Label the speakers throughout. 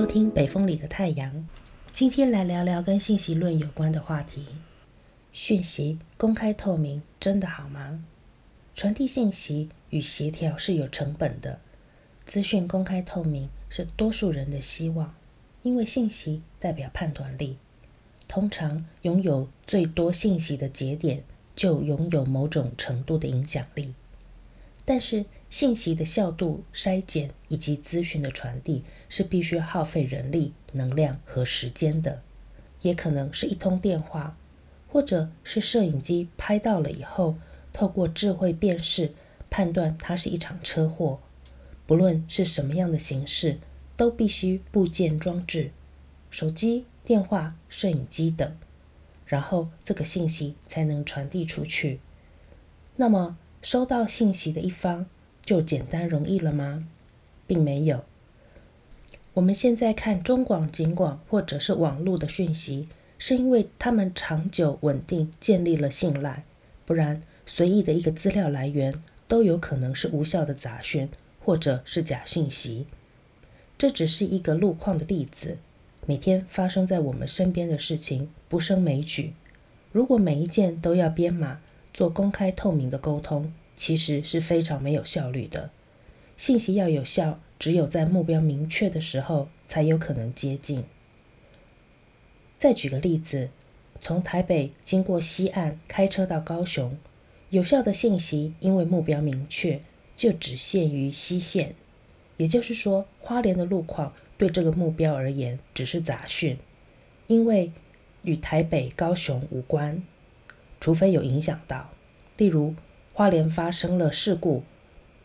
Speaker 1: 收聽北風裡的太陽，今天來聊聊跟信息論有關的話題。訊息公開透明真的好嗎？傳遞信息與協調是有成本的。資訊公開透明是多數人的希望，因為信息代表判斷力。通常擁有最多信息的節點，就擁有某種程度的影響力。但是。信息的效度篩檢以及資訊的傳遞是必須耗費人力、能量和時間的，也可能是一通電話，或者是攝影機拍到了以後，透過智慧辨識判斷它是一場車禍。不論是什麼樣的形式，都必須部件裝置，手機、電話、攝影機等，然後這個信息才能傳遞出去。那麼，收到信息的一方。就簡單容易了嗎？並沒有。我們現在看中廣、警廣或者是網絡的訊息，是因為他們長久穩定建立了信賴，不然隨意的一個資料來源都有可能是無效的雜訊或者是假信息。這只是一個路況的例子，每天發生在我們身邊的事情不勝枚舉。如果每一件都要編碼做公開透明的溝通。其實是非常沒有效率的。信息要有效，只有在目標明確的時候才有可能接近。再舉個例子，從台北經過西岸開車到高雄，有效的信息因為目標明確，就只限於西線。也就是說，花蓮的路況對這個目標而言只是雜訊，因為與台北、高雄無關，除非有影響到，例如，花蓮發生了事故，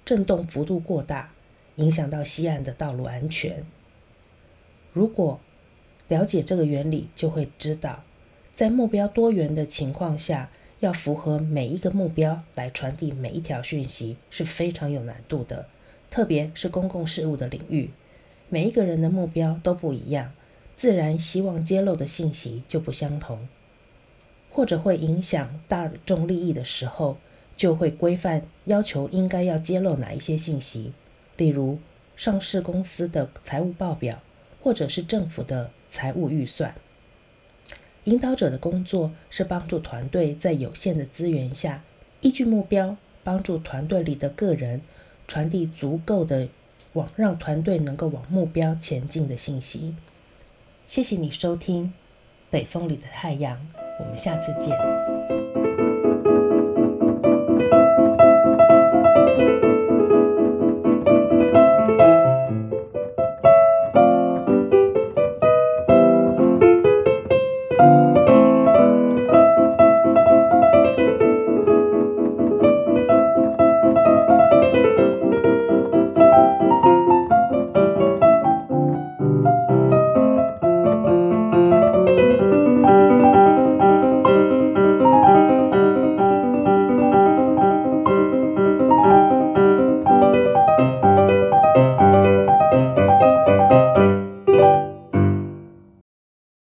Speaker 1: 震動幅度過大，影響到西岸的道路安全。如果了解這個原理，就會知道，在目標多元的情況下，要符合每一個目標來傳遞每一條訊息是非常有難度的，特別是公共事務的領域，每一個人的目標都不一樣，自然希望揭露的信息就不相同，或者會影響大眾利益的時候。就會規範要求應該要揭露哪一些信息，例如上市公司的財務報表，或者是政府的財務預算。引導者的工作是幫助團隊在有限的資源下，依據目標，幫助團隊裡的個人傳遞足夠的往讓團隊能夠往目標前進的信息。謝謝你收聽《北風裡的太陽》，我們下次見。